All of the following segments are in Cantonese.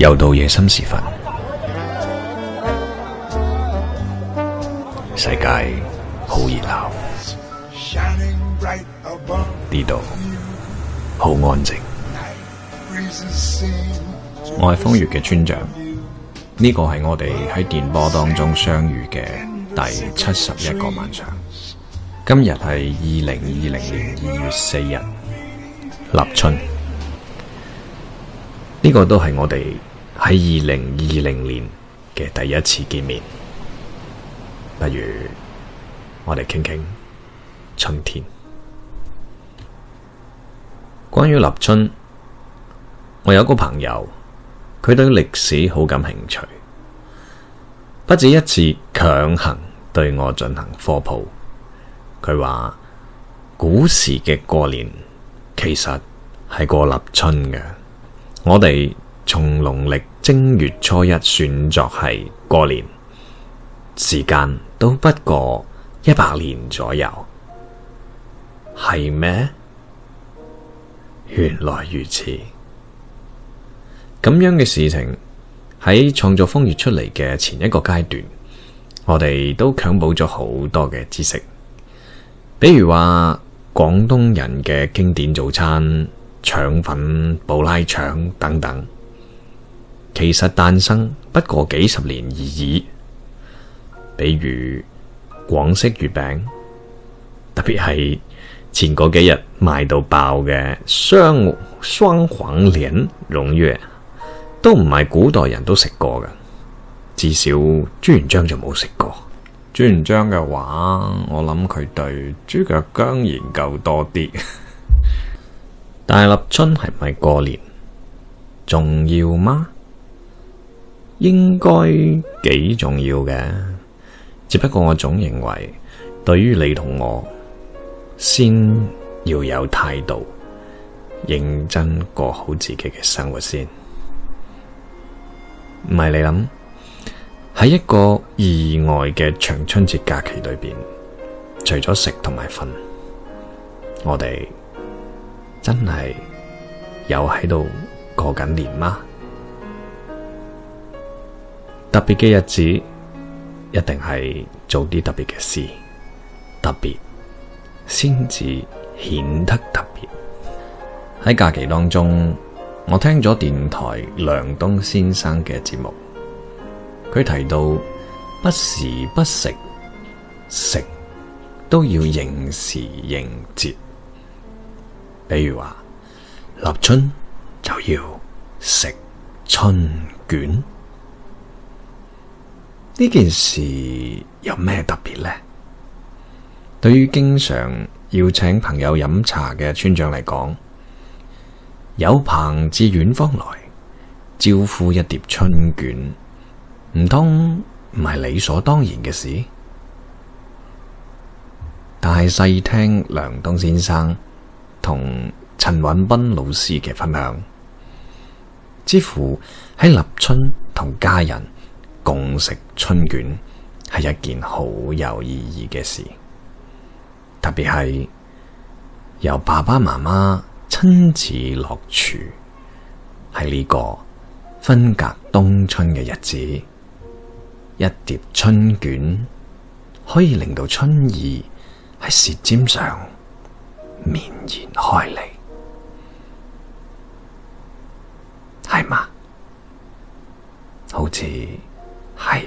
又到夜深時分，世界好熱鬧，呢度好安靜。我係瘋粵嘅村長，呢個係我哋喺電波當中相遇嘅第七十一個晚上。今日係二零二零年二月四日，立春。呢個都係我哋。喺二零二零年嘅第一次見面，不如我哋傾傾春天。關於立春，我有個朋友，佢對歷史好感興趣，不止一次強行對我進行科普。佢話古時嘅過年其實係過立春嘅，我哋。從農曆正月初一算作係過年時間，都不過一百年左右。係咩？原來如此。咁樣嘅事情喺創作《瘋粵》出嚟嘅前一個階段，我哋都強補咗好多嘅知識，比如話廣東人嘅經典早餐腸粉、布拉腸等等。其實誕生不過幾十年而已，比如廣式月餅，特別係前嗰幾日賣到爆嘅雙雙黃蓮蓉月，都唔係古代人都食過㗎，至少朱元璋就冇食過。朱元璋嘅話，我諗佢對豬腳薑研究多啲。 大立春係咪過年重要嗎？應該幾重要嘅，只不過我總認為，對於你同我，先要有態度，認真過好自己嘅生活先。唔係你諗喺一個意外嘅長春節假期裏邊，除咗食同埋瞓，我哋真係有喺度過緊年嗎？特別嘅日子，一定係做啲特別嘅事，特別先至顯得特別。喺假期當中，我聽咗電台梁冬先生嘅節目，佢提到不時不食，食都要應時應節，比如話立春就要食春卷。呢件事有咩特別呢？對於經常要請朋友飲茶嘅村長嚟講，有朋自遠方來，招呼一碟春卷，唔通唔係理所當然嘅事？但係細聽梁冬先生同陳允斌老師嘅分享，似乎喺立春同家人。共食春卷係一件好有意義嘅事，特別係由爸爸媽媽親自落廚，喺呢個分隔冬春嘅日子，一碟春卷可以令到春意喺舌尖上綿延開嚟，係嘛？好似。係、哎，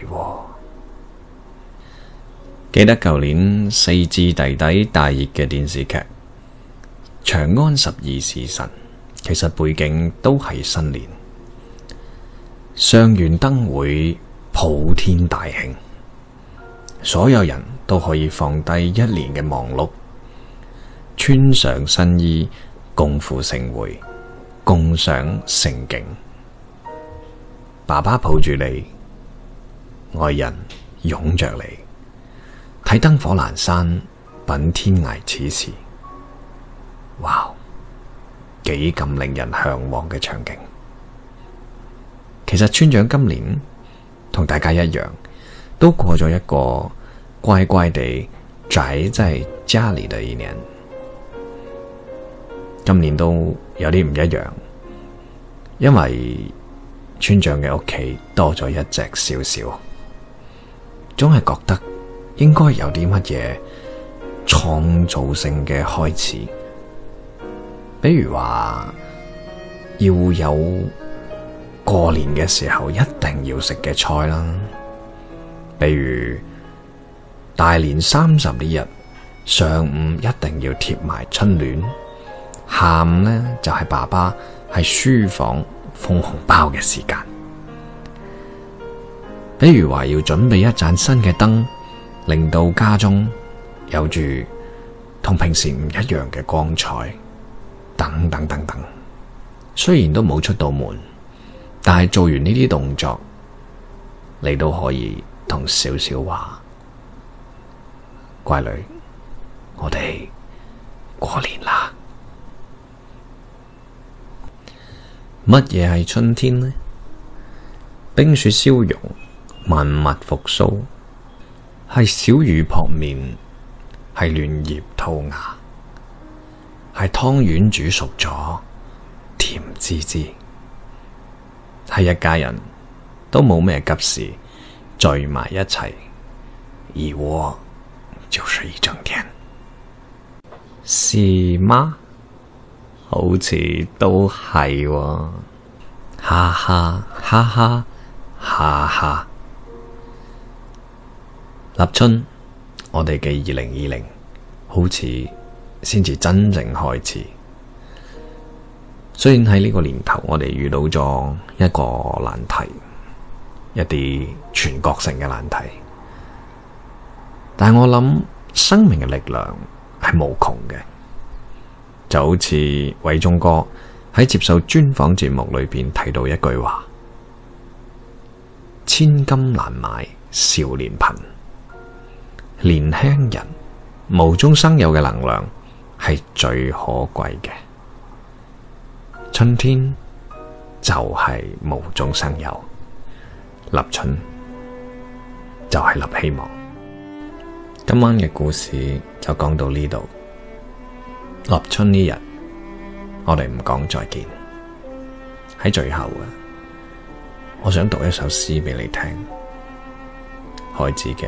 記得舊年四字弟弟大熱嘅電視劇《長安十二時辰》，其實背景都係新年，上元燈會，普天大慶，所有人都可以放低一年嘅忙碌，穿上新衣，共赴盛會，共賞盛景。爸爸抱住你。愛人擁着你，睇燈火闌珊，品天涯此時。哇，幾咁令人向往嘅場景。其實村長今年同大家一樣，都過咗一個乖乖地宅在家裏嘅一年。今年都有啲唔一樣，因為村長嘅屋企多咗一隻小小。總係覺得應該有啲乜嘢創造性嘅開始，比如話要有過年嘅時候一定要食嘅菜啦，比如大年三十呢日上午一定要貼埋春聯，下午呢就係爸爸喺書房封紅包嘅時間。比如話要準備一盞新嘅燈，令到家中有住同平時唔一樣嘅光彩，等等等等。雖然都冇出到門，但係做完呢啲動作，你都可以同小小話：乖女，我哋過年啦！乜嘢係春天呢？冰雪消融。萬物復蘇，係小雨撲面，係嫩葉吐芽，係湯圓煮熟咗，甜滋滋，係一家人都冇咩急事，聚埋一齊，一窩就一整天，是嗎？好似都係喎，哈哈哈哈哈哈。哈哈立春，我哋嘅二零二零好似先至真正開始。雖然喺呢個年頭，我哋遇到咗一個難題，一啲全國性嘅難題，但我諗生命嘅力量係無窮嘅，就好似偉忠哥喺接受專訪節目裏邊提到一句話：千金難買少年貧。年輕人無中生有嘅能量係最可貴嘅，春天就係無中生有，立春就係立希望。今晚嘅故事就講到呢度，立春呢日我哋唔講再見，喺最後啊，我想讀一首詩俾你聽，海子嘅。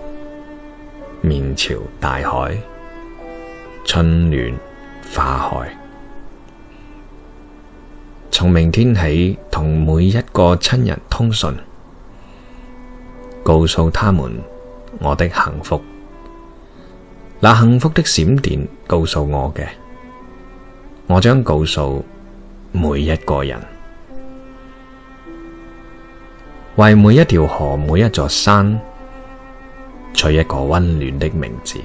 面朝大海，春暖花開。從明天起，同每一個親人通訊，告訴他們我的幸福。那幸福的閃電告訴我嘅，我將告訴每一個人。為每一條河，每一座山。取一個溫暖的名字，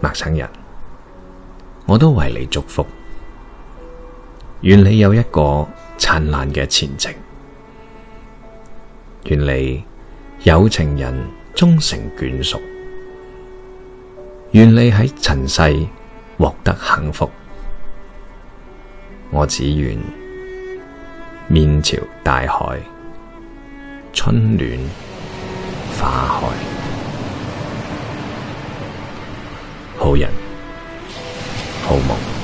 陌生人，我都為你祝福。願你有一個燦爛嘅前程，願你有情人終成眷屬，願你喺塵世獲得幸福。我只願面朝大海，春暖，花開，好人，好夢。